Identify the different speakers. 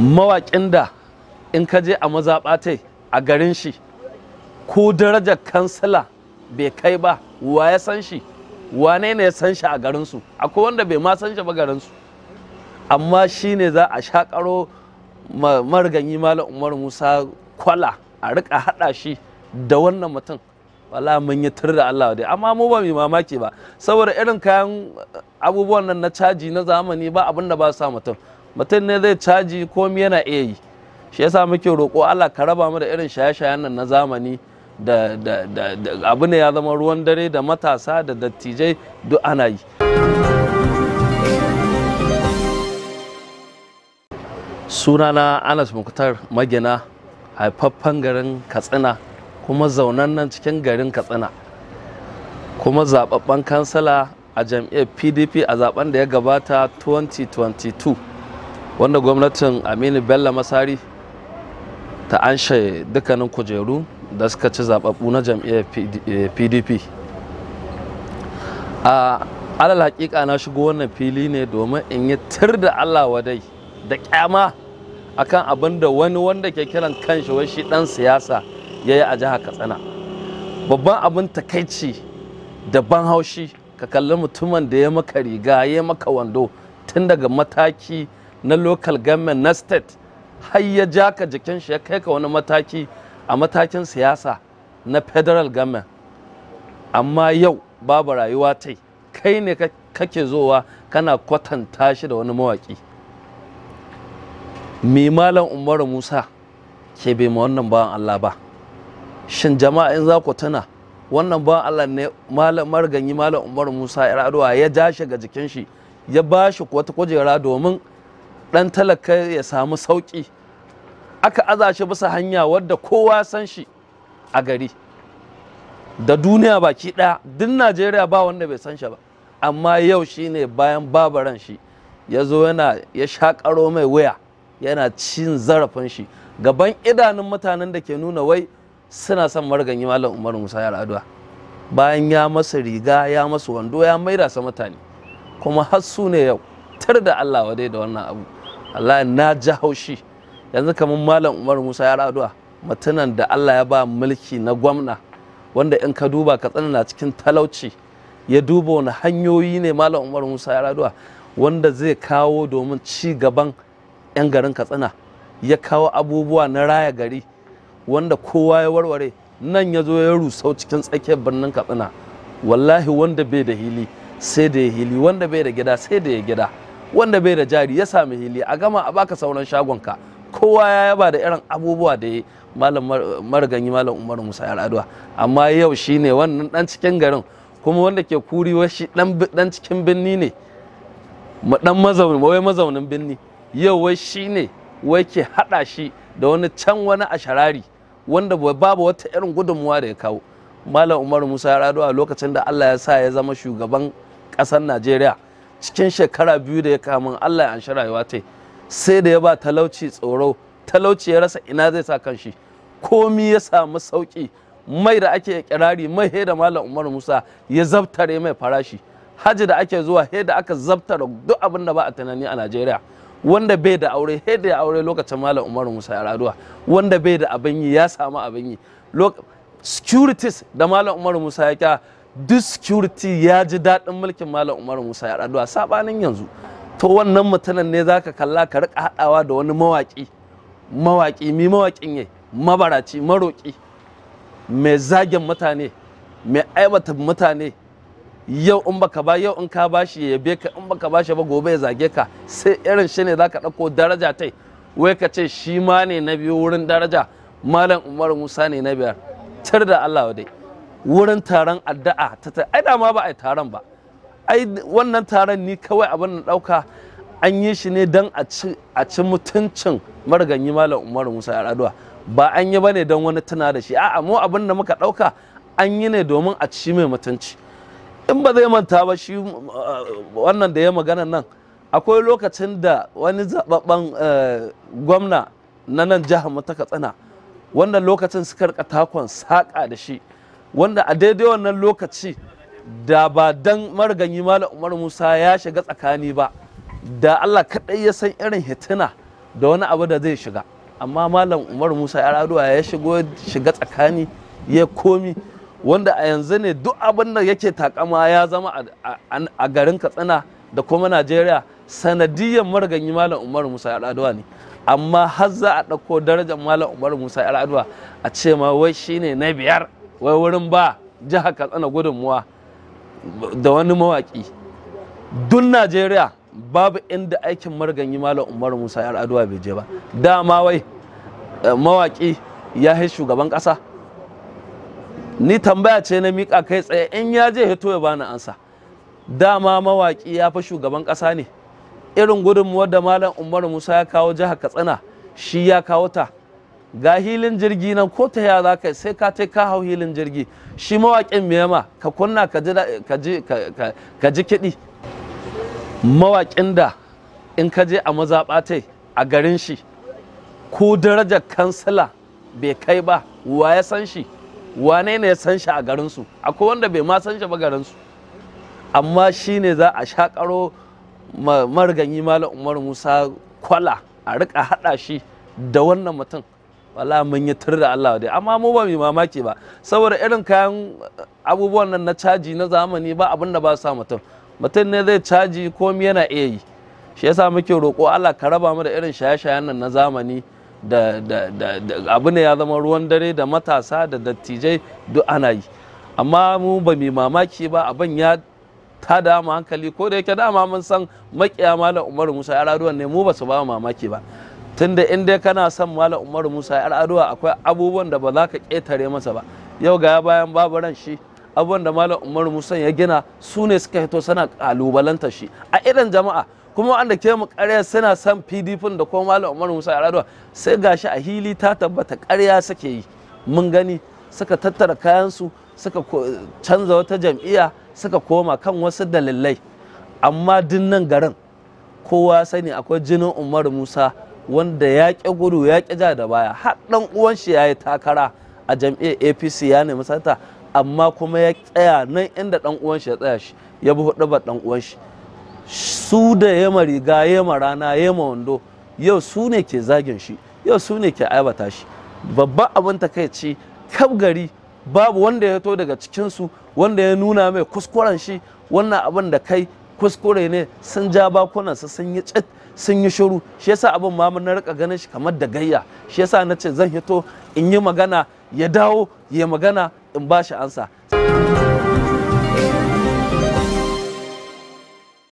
Speaker 1: mawaƙin da in ka je a mazaɓatai a garin shi ko darajar kansila bai kai ba wa ya san shi wane ne ya san shi a garinsu akwai wanda bai ma san shi ba garinsu amma shi ne za a shakaro mariganyi malam umar musa kwala a rika haɗa shi da wannan mutum wala mun yi tur da Allah dai amma mu ba mai mamaki ba saboda irin kayan abubuwan nan na caji na zamani ba abin da ba sa mutum mutum ne zai caji komi yana iya yi shi yasa muke roƙo Allah ka raba mu da irin shaye-shayen nan na zamani da abu ne ya zama ruwan dare da matasa da dattijai duk ana yi sunana anas mukhtar magina haifaffen garin katsina kuma zaunan nan cikin garin katsina kuma zababben kansala a jam'iyyar pdp a zaɓen da ya gabata 2022 wanda gwamnatin aminu bello masari ta anshe dukkanin kujeru da suka ci zababbu na jam'iyyar pdp eh, a alal hakika na shigo wannan fili ne domin in yi tir da allah wadai da kyama akan abin da wani wanda ke kiran kanshi wai shi dan siyasa ya yi a jihar katsina babban abin takaici da ban haushi ka kalli mutumin da ya maka riga ya maka wando tun daga mataki na local government na state har ya ja ka jikin shi ya kai ka wani mataki a matakin siyasa na federal government amma yau babu rayuwa tai kai ne kake zowa kana kwatanta shi da wani mawaƙi malam umaru musa ke bai ma wannan bawan allah ba shin jama'a in za ku tuna wannan bawan allah ne malamar ganyi malam umaru musa ya ya ja shi ga jikin shi ya ba shi wata kujera domin ɗan talaka ya samu sauƙi aka aza shi bisa hanya wadda kowa san shi a gari da duniya baki ɗaya duk najeriya ba wanda bai san shi ba amma yau shi ne bayan babaran shi ya zo yana ya shakaro mai wuya. yana cin zarafin shi gaban idanun mutanen da ke nuna wai suna son marganyi malam umar musa yar'adua bayan ya masa riga ya masa wando ya maida sa mutane kuma har ne yau tar da allah wadai da wannan abu Allah na ji haushi yanzu kamar malam Umar Musa ya raduwa mutunan da Allah ya ba mulki na gwamna wanda in ka duba ka na cikin talauci ya duba wani hanyoyi ne malam Umar Musa ya raduwa wanda zai kawo domin ci gaban 'yan garin katsina ya kawo abubuwa na raya gari wanda kowa ya warware nan ya zo ya rusau cikin tsakiyar birnin katsina wallahi wanda bai da hili sai da ya hili wanda bai da gida sai da ya gida wanda bai da jari ya sami hili a gama a baka sauran shagonka kowa ya yaba da irin abubuwa da ya malam mariganyi malam umaru musa yar raduwa. amma yau shine wannan dan cikin garin kuma wanda ke kuri shi dan cikin binni ne dan mazaunin wai binni yau wai shine wai ke hada shi da wani can wani asharari wanda babu wata irin gudunmuwa da ya kawo malam umaru musa yar raduwa lokacin da allah ya sa ya zama shugaban ƙasar najeriya cikin shekara biyu da ya kamun Allah ya anshi rayuwa ta sai da ya ba talauci tsoro talauci ya rasa ina zai sa kanshi komi ya samu sauki mai da ake kirari mai he da malam Umar Musa ya zabtare mai farashi haji da ake zuwa he da aka zabtare duk abin da ba a tunani a Najeriya wanda bai da aure he da ya aure lokacin malam Umar Musa ya raduwa wanda bai da abin yi ya samu abin yi securities da malam Umar Musa ya kya duk security ya ji daɗin mulkin malam umar musa ya raduwa sabanin yanzu to wannan mutanen ne za ka kalla ka rika haɗawa da wani mawaƙi mawaƙi mi mawaƙin ya mabaraci maroƙi mai zagen mutane mai aibata mutane yau in baka ba yau in ka bashi ya yabe ka in baka bashi ba gobe ya zage ka sai irin shi ne za ka ɗauko daraja tai wai ka ce shi ma ne na biyu wurin daraja malam umar musa ne na biyar tar da allah dai wurin taron addu'a ta ai da ba a taron ba ai wannan taron ni kawai abin da ɗauka an yi shi ne don a ci mutuncin marganyi malam Umar musa al-Adwa. ba an yi ba ne don wani tuna da shi a'a mu abin da muka ɗauka an yi ne domin a ci mai mutunci in ba zai manta ba shi uh, wannan da ya magana nan akwai lokacin da wani zababben uh, gwamna na nan jihar mu ta katsina wannan lokacin suka rika takon saƙa da shi wanda a daidai wannan lokaci da ba dan maraganyi malam umar musa ya shiga tsakani ba da allah kaɗai ya san irin hitina da wani abu da zai shiga amma malam umar musa ya raduwa ya shigo shiga tsakani ya komi wanda a yanzu ne duk abin da yake takama ya zama a garin katsina da kuma najeriya sanadiyar maraganyi malam umar musa ya raduwa ne amma har za a ɗauko darajar malam umar musa ya raduwa a ce ma wai shine na biyar wai wurin ba jiha katsina gudunmuwa da wani mawaƙi duk najeriya babu inda aikin marganyi malam umaru musa yar aduwa bai je ba dama wai eh, mawaƙi ya yi shugaban ƙasa ni tambaya ce na mika kai tsaye in ya je hito ya bani ansa dama mawaƙi ya fi shugaban ƙasa ne irin gudunmuwar da malam umaru musa ya kawo jihar katsina shi ya kawo ta ga hilin jirgi na, ko ta ya za ka sai ka ta ka hau hilin jirgi shi mawakin me yama ka kunna ka ji kiɗi mawakin da in ka je a mazaɓa a garin shi ko darajar kansila bai kai ba wa ya san shi wane ne ya san shi a garinsu akwai wanda bai ma san shi ba garinsu amma shi ne za a shakaro marganyi malam umar musa kwala a rika haɗa shi da wannan mutum wala mun yi tur da Allah dai amma mu ba mu mamaki ba saboda irin kayan abubuwan nan na caji na zamani ba abin da ba sa mutum mutum ne zai caji komai yana iya yi shi yasa muke roƙo Allah ka raba mu da irin shaye-shayen nan na zamani da abu ne ya zama ruwan dare da matasa da dattijai duk ana yi amma mu ba mai mamaki ba abin ya ta dama hankali ko da yake dama mun san makiya malam Umaru Musa ya raduwan ne mu ba su ba mamaki ba tunda in dai kana son malam umar musa yar adu'a akwai abubuwan da ba za ka ƙetare masa ba yau ga bayan babu ran shi abubuwan da malam umar musa ya gina su ne suka hito suna kalubalanta shi a irin jama'a kuma wanda ke mu ƙarya suna son pdp da kuma malam umar musa yar adu'a sai gashi a hili ta tabbata ƙarya suke yi mun gani suka tattara kayansu suka canza wata jam'iyya suka koma kan wasu dalilai amma dinnan garin kowa sani akwai jinin umar musa wanda ya ƙi gudu ya ƙi ja da baya har ɗan uwan shi ya yi takara a jam'iyyar apc ya nemi sata amma kuma ya tsaya nan inda ɗan uwan shi ya tsaya shi ya bi hudu ɗan uwan shi su da yama riga yama rana yama wando yau su ne ke zagin shi yau su ne ke aibata shi babban abin ce kaf gari babu wanda ya to daga cikinsu wanda ya nuna mai kuskuren shi wannan abin da kai kuskure ne sun ja bakuna su sun yi cit sun yi shiru shi yasa abin ma na rika ganin shi kamar da gayya shi yasa na ce zan hito in yi magana ya dawo ya magana in ba shi ansa